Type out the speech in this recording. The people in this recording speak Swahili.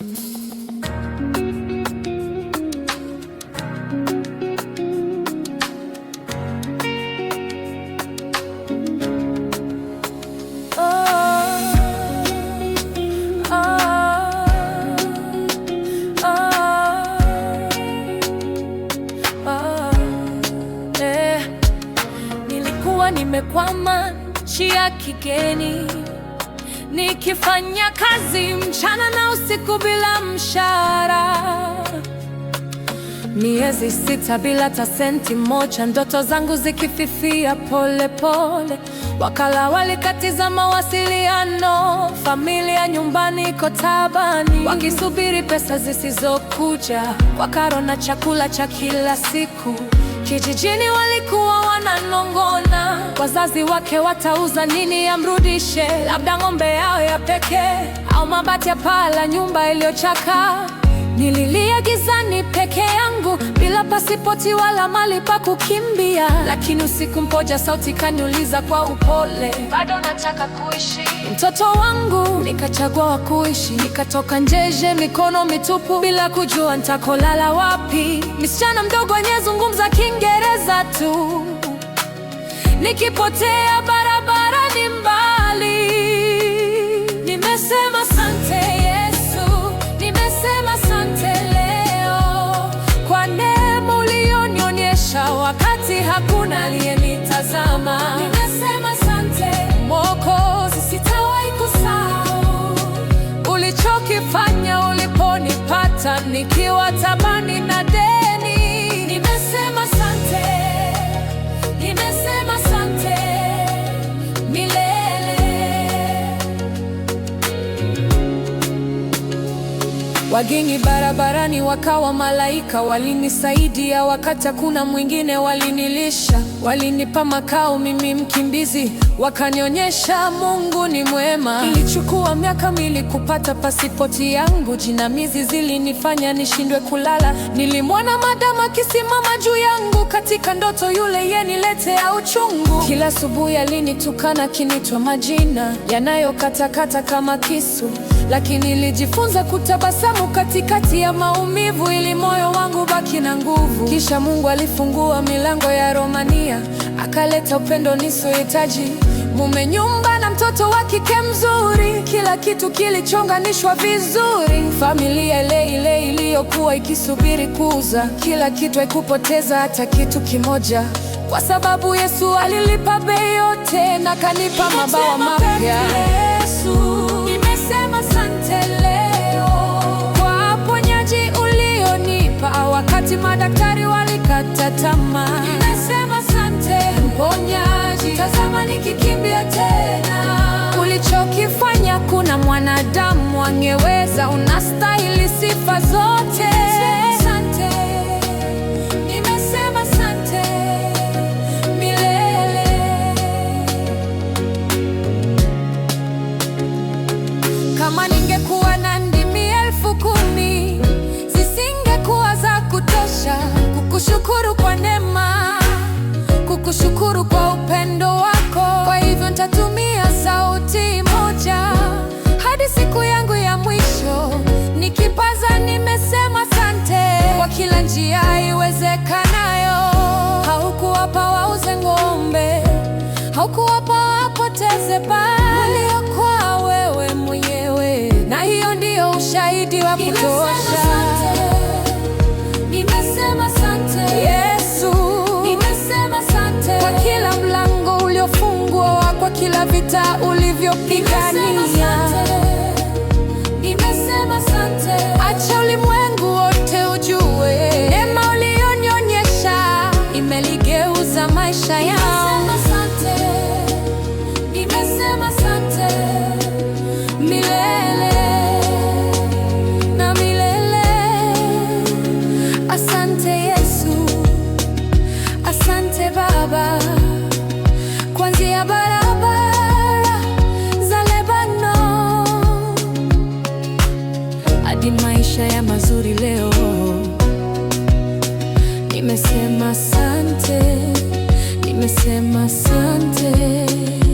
Ah, ah, ah, eh. Nimekwama nchi ya kigeni nikifanya kazi mchana na usiku bila mshahara, miezi sita bila ta senti moja, ndoto zangu zikififia polepole. Wakala walikatiza mawasiliano, familia nyumbani iko wakisubiri pesa zisizokuja kwa karo na chakula cha kila siku. Kijijini walikuwa wananong'ona, wazazi wake watauza nini yamrudishe, labda ng'ombe yao ya pekee au mabati ya paa la nyumba iliyochakaa. Nililia gizani peke yangu bila pasipoti wala mali pa kukimbia, lakini usiku mmoja sauti kaniuliza kwa upole, bado nataka kuishi mtoto wangu. Nikachagua wa kuishi, nikatoka njeje mikono mitupu, bila kujua nitakolala wapi. Msichana mdogo anayezungumza Kiingereza tu, nikipotea bara aliyenitazama ninasema Mwokozi, sitawahi kusahau ulichokifanya uliponipata nikiwa tabani na Wageni barabarani wakawa malaika, walinisaidia wakati hakuna mwingine, walinilisha, walinipa makao, mimi mkimbizi, wakanionyesha Mungu ni mwema. Ilichukua miaka mili kupata pasipoti yangu, jinamizi zilinifanya nishindwe kulala. Nilimwona madamu akisimama juu yangu katika ndoto, yule yeniletea uchungu. Kila asubuhi alinitukana, kinitwa majina yanayokatakata kama kisu lakini nilijifunza kutabasamu katikati ya maumivu, ili moyo wangu baki na nguvu. Kisha Mungu alifungua milango ya Romania, akaleta upendo nisiohitaji, mume, nyumba na mtoto wa kike mzuri. Kila kitu kilichonganishwa vizuri, familia ile ile iliyokuwa ikisubiri kuuza kila kitu, haikupoteza hata kitu kimoja, kwa sababu Yesu alilipa bei yote na kanipa mabawa mapya. wangeweza. Unastahili sifa zote. nimesema sante milele. Kama ningekuwa na ndimi elfu kumi zisingekuwa za kutosha kukushukuru kwa neema, kukushukuru kwa waliokwaa wewe mwenyewe, na hiyo ndiyo ushahidi wa kutosha. Yesu, kwa kila mlango uliofungwa, kwa kila vita ulivyopigania, acha ulimwengu wote ujue, neema uliyonionyesha imeligeuza maisha yangu. nimesema sante, nimesema sante